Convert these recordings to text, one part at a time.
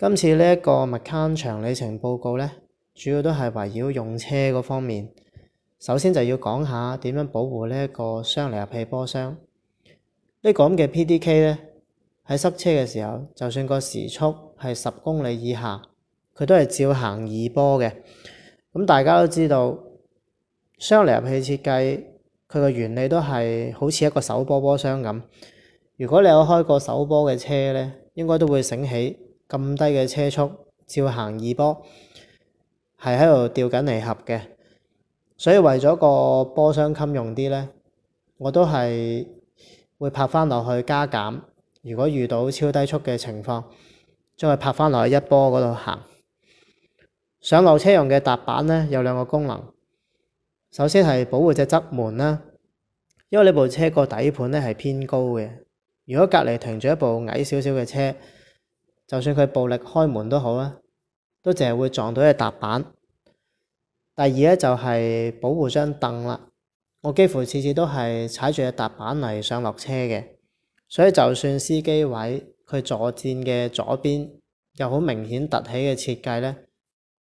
今次呢一個麥卡長里程報告呢，主要都係圍繞用車嗰方面。首先就要講下點樣保護呢一個雙離合器波箱。呢、呢個咁嘅 P D K 呢，喺塞車嘅時候，就算個時速係十公里以下，佢都係照行二波嘅。咁、嗯、大家都知道雙離合器設計，佢個原理都係好似一個手波波箱咁。如果你有開過手波嘅車呢，應該都會醒起。咁低嘅車速，照行二波，係喺度掉緊離合嘅，所以為咗個波箱襟用啲呢，我都係會拍翻落去加減。如果遇到超低速嘅情況，將佢拍翻落去一波嗰度行。上落車用嘅踏板呢，有兩個功能，首先係保護隻側門啦，因為呢部車個底盤呢係偏高嘅，如果隔離停住一部矮少少嘅車，就算佢暴力開門都好啊，都淨係會撞到隻踏板。第二呢，就係保護張凳啦，我幾乎次次都係踩住隻踏板嚟上落車嘅，所以就算司機位佢坐墊嘅左邊有好明顯凸起嘅設計呢，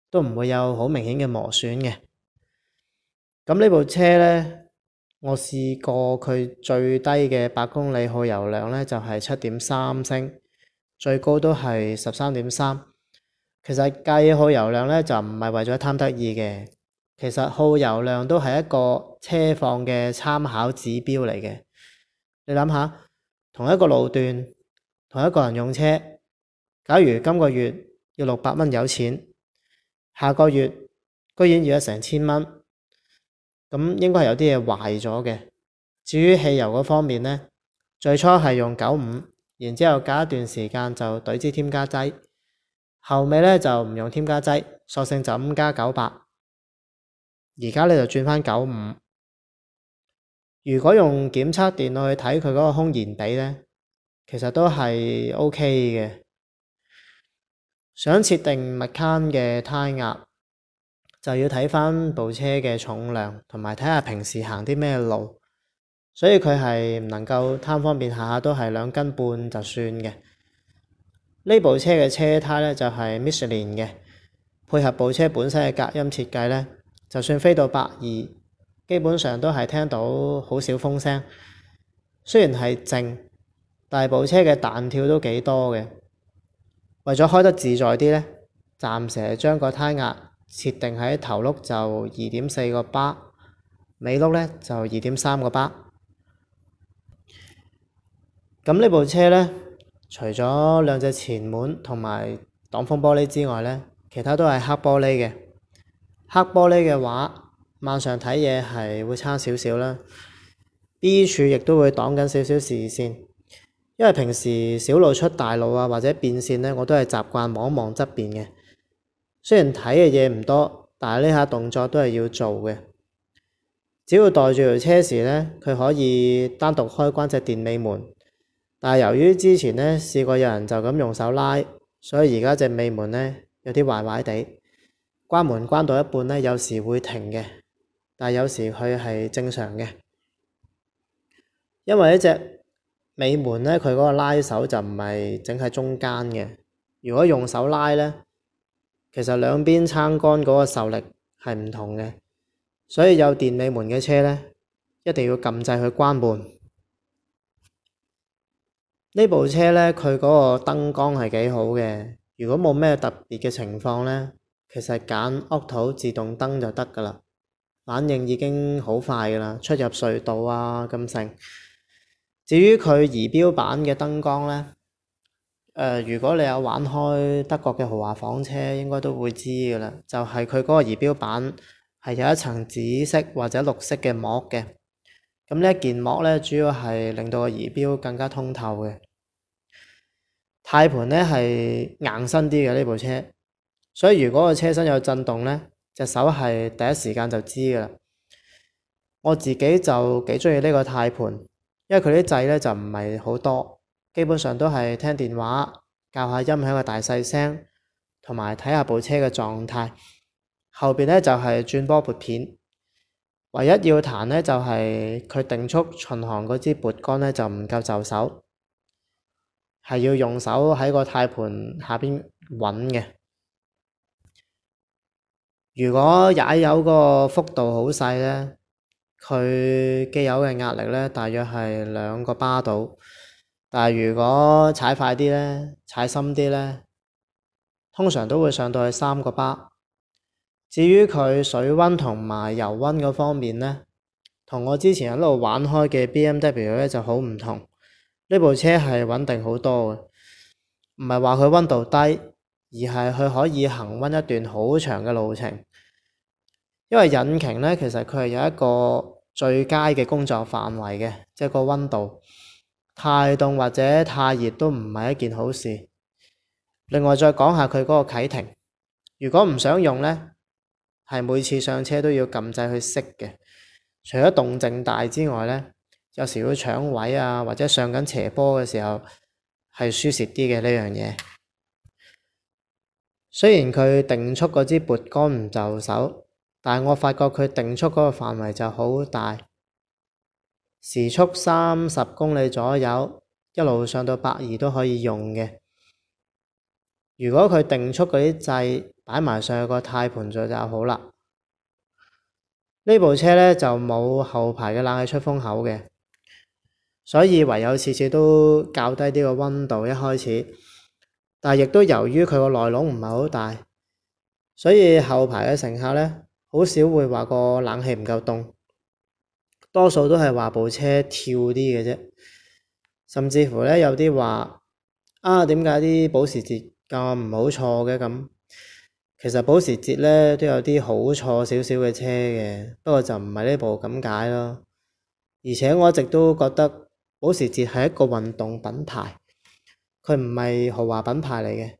都唔會有好明顯嘅磨損嘅。咁呢部車呢，我試過佢最低嘅百公里耗油量呢，就係七點三升。最高都係十三點三，其實計耗油量呢，就唔係為咗貪得意嘅，其實耗油量都係一個車況嘅參考指標嚟嘅。你諗下，同一個路段，同一個人用車，假如今個月要六百蚊油錢，下個月居然要咗成千蚊，咁應該係有啲嘢壞咗嘅。至於汽油嗰方面呢，最初係用九五。然之後隔一段時間就兌支添加劑，後尾呢就唔用添加劑，索性就噉加九百。而家呢就轉翻九五。如果用檢測電腦去睇佢嗰個空燃比呢，其實都係 OK 嘅。想設定 Macan 嘅胎壓，就要睇翻部車嘅重量，同埋睇下平時行啲咩路。所以佢係唔能夠貪方便，下下都係兩斤半就算嘅。呢部車嘅車胎呢，就係 Michelin 嘅，配合部車本身嘅隔音設計呢，就算飛到百二，基本上都係聽到好少風聲。雖然係靜，但係部車嘅彈跳都幾多嘅。為咗開得自在啲呢，暫時係將個胎壓設定喺頭碌就二點四個巴，尾碌呢就二點三個巴。咁呢部車呢，除咗兩隻前門同埋擋風玻璃之外呢，其他都係黑玻璃嘅。黑玻璃嘅話，晚上睇嘢係會差少少啦。B 柱亦都會擋緊少少視線，因為平時小路出大路啊，或者變線呢，我都係習慣望一望側邊嘅。雖然睇嘅嘢唔多，但係呢下動作都係要做嘅。只要袋住部車時呢，佢可以單獨開關隻電尾門。但係由於之前呢試過有人就咁用手拉，所以而家隻尾門呢有啲壞壞地，關門關到一半呢，有時會停嘅，但係有時佢係正常嘅，因為呢隻尾門呢，佢嗰個拉手就唔係整喺中間嘅，如果用手拉呢，其實兩邊撐杆嗰個受力係唔同嘅，所以有電尾門嘅車呢，一定要撳掣去關門。呢部車呢，佢嗰個燈光係幾好嘅。如果冇咩特別嘅情況呢，其實揀屋 u 自動燈就得噶啦。反應已經好快噶啦，出入隧道啊，咁剩。至於佢儀表板嘅燈光呢，誒、呃，如果你有玩開德國嘅豪華房車，應該都會知噶啦。就係佢嗰個儀表板係有一層紫色或者綠色嘅膜嘅。咁呢一件膜咧，主要係令到個儀錶更加通透嘅。軚盤呢係硬身啲嘅，呢部車，所以如果個車身有震動呢，隻手係第一時間就知㗎啦。我自己就幾中意呢個軚盤，因為佢啲掣呢就唔係好多，基本上都係聽電話、校下音響嘅大細聲，同埋睇下部車嘅狀態。後邊呢就係轉波撥片。唯一要彈呢，就係、是、佢定速巡航嗰支撥杆呢，就唔夠就手，係要用手喺個軚盤下邊揾嘅。如果踩油個幅度好細呢，佢機油嘅壓力呢，大約係兩個巴到，但係如果踩快啲呢，踩深啲呢，通常都會上到去三個巴。至於佢水温同埋油温嗰方面呢，同我之前喺度玩開嘅 B M W 呢就好唔同，呢部車係穩定好多嘅，唔係話佢温度低，而係佢可以恒温一段好長嘅路程。因為引擎呢，其實佢係有一個最佳嘅工作範圍嘅，即係個温度太凍或者太熱都唔係一件好事。另外再講下佢嗰個啟停，如果唔想用呢。係每次上車都要撳掣去熄嘅。除咗動靜大之外呢，有時會搶位啊，或者上緊斜坡嘅時候係舒適啲嘅呢樣嘢。雖然佢定速嗰支撥杆唔就手，但係我發覺佢定速嗰個範圍就好大，時速三十公里左右，一路上到百二都可以用嘅。如果佢定速嗰啲掣擺埋上去個軚盤度就好啦。呢部車呢，就冇後排嘅冷氣出風口嘅，所以唯有次次都較低啲個溫度。一開始，但亦都由於佢個內籠唔係好大，所以後排嘅乘客呢，好少會話個冷氣唔夠凍，多數都係話部車跳啲嘅啫。甚至乎呢，有啲話啊，點解啲保時捷？教我唔好坐嘅咁，其實保時捷呢都有啲好坐少少嘅車嘅，不過就唔係呢部咁解咯。而且我一直都覺得保時捷係一個運動品牌，佢唔係豪華品牌嚟嘅，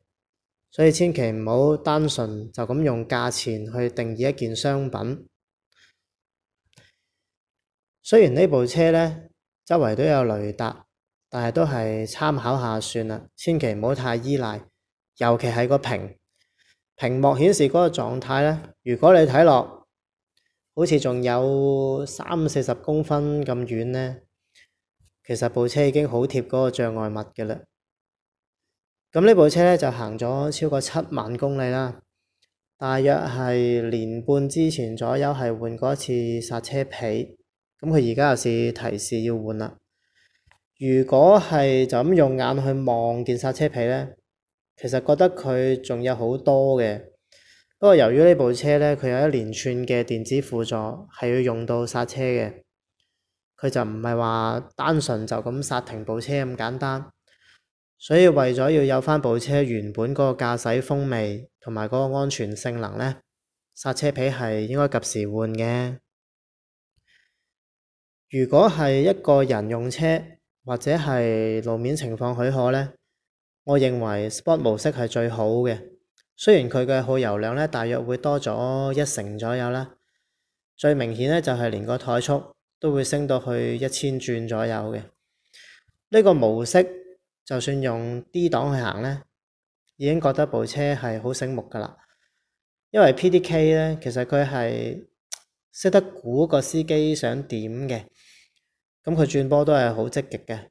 所以千祈唔好單純就咁用價錢去定義一件商品。雖然呢部車呢周圍都有雷達，但係都係參考下算啦，千祈唔好太依賴。尤其係個屏屏幕顯示嗰個狀態呢，如果你睇落好似仲有三四十公分咁遠呢，其實部車已經好貼嗰個障礙物嘅啦。咁呢部車呢，就行咗超過七萬公里啦，大約係年半之前左右係換過一次煞車皮。咁佢而家又試提示要換啦。如果係就咁用眼去望見煞車皮呢，其實覺得佢仲有好多嘅，不過由於呢部車呢，佢有一連串嘅電子輔助，係要用到煞車嘅，佢就唔係話單純就咁煞停部車咁簡單，所以為咗要有返部車原本嗰個駕駛風味同埋嗰個安全性能呢，煞車皮係應該及時換嘅。如果係一個人用車或者係路面情況許可呢。我認為 sport 模式係最好嘅，雖然佢嘅耗油量呢大約會多咗一成左右啦。最明顯呢就係連個怠速都會升到去一千轉左右嘅。呢、這個模式就算用 D 檔去行呢，已經覺得部車係好醒目㗎啦。因為 P D K 呢，其實佢係識得估個司機想點嘅，咁佢轉波都係好積極嘅。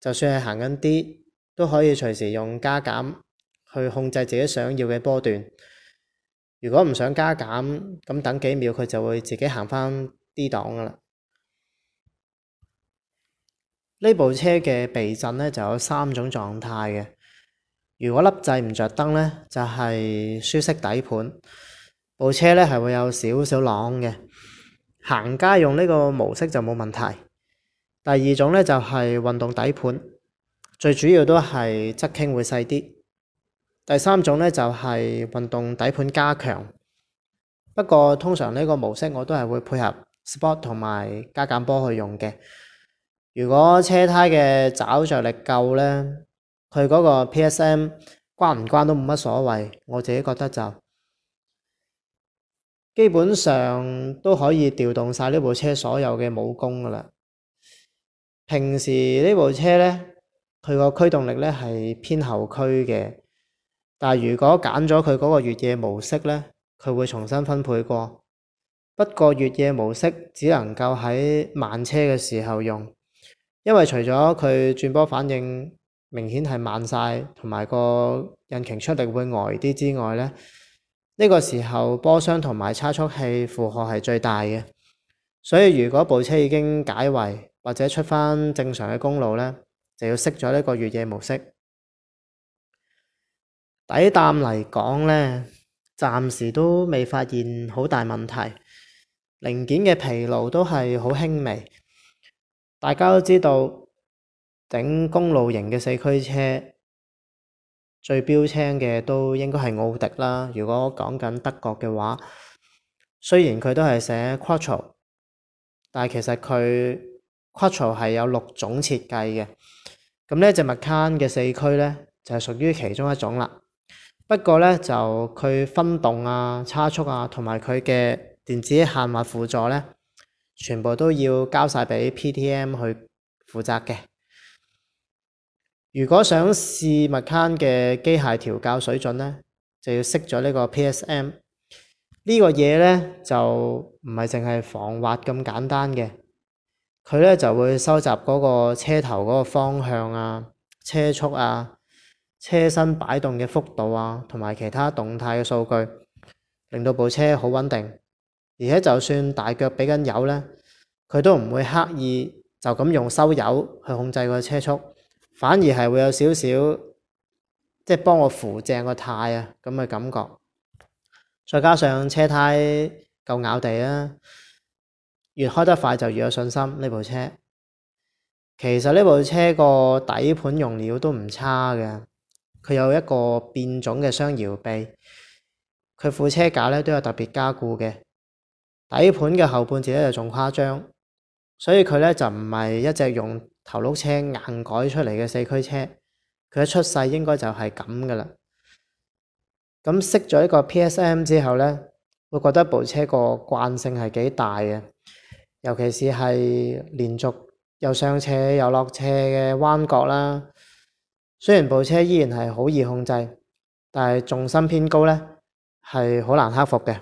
就算係行緊啲。都可以隨時用加減去控制自己想要嘅波段。如果唔想加減，咁等幾秒佢就會自己行翻 D 檔噶啦。呢部車嘅避震呢就有三種狀態嘅。如果粒掣唔着燈呢，就係舒適底盤，部車呢係會有少少啷嘅，行街用呢個模式就冇問題。第二種呢，就係運動底盤。最主要都係側傾會細啲。第三種呢，就係運動底盤加強，不過通常呢個模式我都係會配合 sport 同埋加減波去用嘅。如果車胎嘅抓着力夠呢，佢嗰個 PSM 關唔關都冇乜所謂。我自己覺得就基本上都可以調動晒呢部車所有嘅武功㗎喇。平時呢部車呢。佢個驅動力呢，係偏後驅嘅，但係如果揀咗佢嗰個越野模式呢，佢會重新分配過。不過越野模式只能夠喺慢車嘅時候用，因為除咗佢轉波反應明顯係慢晒，同埋個引擎出力會呆啲之外呢呢、呢個時候波箱同埋差速器負荷係最大嘅。所以如果部車已經解圍或者出翻正常嘅公路呢。就要熄咗呢個越野模式。底淡嚟講呢，暫時都未發現好大問題，零件嘅疲勞都係好輕微。大家都知道，整公路型嘅四驅車最標青嘅都應該係奧迪啦。如果講緊德國嘅話，雖然佢都係寫 Quattro，但係其實佢 Quattro 係有六種設計嘅。咁呢隻 Macan 嘅四驅呢，就係屬於其中一種啦。不過呢，就佢分動啊、差速啊，同埋佢嘅電子限滑輔助呢，全部都要交晒俾 PTM 去負責嘅。如果想試 Macan 嘅機械調校水準呢，就要熄咗呢個 PSM。呢個嘢呢，就唔係淨係防滑咁簡單嘅。佢呢就會收集嗰個車頭嗰個方向啊、車速啊、車身擺動嘅幅度啊，同埋其他動態嘅數據，令到部車好穩定。而且就算大腳俾緊油呢，佢都唔會刻意就咁用收油去控制個車速，反而係會有少少即係幫我扶正個軚啊咁嘅感覺。再加上車胎夠咬地啊！越開得快就越有信心呢部車。其實呢部車個底盤用料都唔差嘅，佢有一個變種嘅雙搖臂，佢副車架呢都有特別加固嘅。底盤嘅後半截呢就仲誇張，所以佢呢就唔係一隻用頭轆車硬改出嚟嘅四驅車，佢一出世應該就係咁噶啦。咁識咗一個 PSM 之後呢，會覺得部車個慣性係幾大嘅。尤其是係連續又上斜又落斜嘅彎角啦，雖然部車依然係好易控制，但係重心偏高呢係好難克服嘅。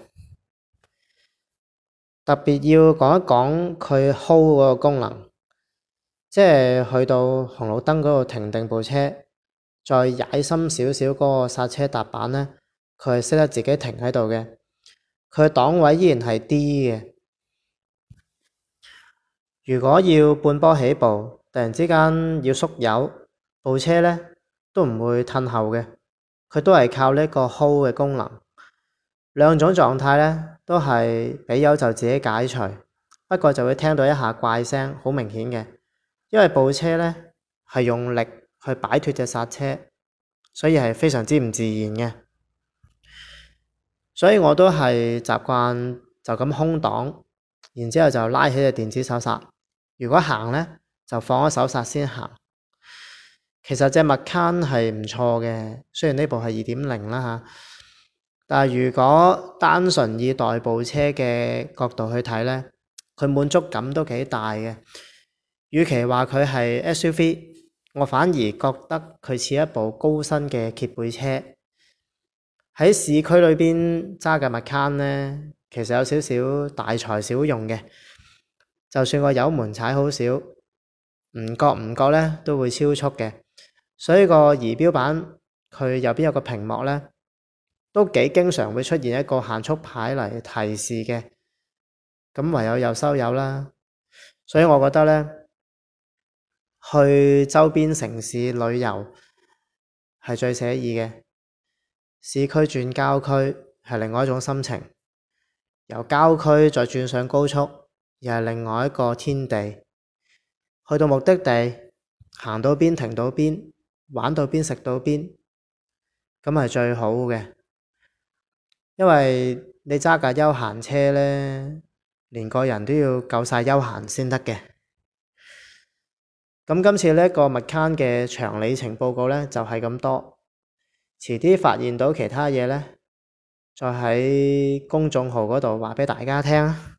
特別要講一講佢 hold 嗰個功能，即係去到紅綠燈嗰度停定部車，再踩深少少嗰個剎車踏板呢，佢係識得自己停喺度嘅。佢嘅檔位依然係 D 嘅。如果要半波起步，突然之間要縮油，部車呢都唔會褪後嘅，佢都係靠呢個 hold 嘅功能。兩種狀態呢都係俾油就自己解除，不過就會聽到一下怪聲，好明顯嘅。因為部車呢係用力去擺脫隻剎車，所以係非常之唔自然嘅。所以我都係習慣就咁空檔，然之後就拉起隻電子手剎。如果行呢，就放開手剎先行。其實隻 Macan 係唔錯嘅，雖然呢部係二點零啦嚇，但係如果單純以代步車嘅角度去睇呢，佢滿足感都幾大嘅。與其話佢係 SUV，我反而覺得佢似一部高身嘅揭背車。喺市區裏邊揸嘅 Macan 呢，其實有少少大材小用嘅。就算個油門踩好少，唔覺唔覺呢都會超速嘅，所以個儀表板佢右邊有個屏幕呢，都幾經常會出現一個限速牌嚟提示嘅。咁唯有又收油啦，所以我覺得呢，去周邊城市旅遊係最寫意嘅，市區轉郊區係另外一種心情，由郊區再轉上高速，又係另外一個天地，去到目的地，行到邊停到邊，玩到邊食到邊，咁係最好嘅。因為你揸架休閒車呢，連個人都要夠晒休閒先得嘅。咁今次呢一個 Macan 嘅長里程報告呢，就係、是、咁多。遲啲發現到其他嘢呢，再喺公眾號嗰度話俾大家聽啊！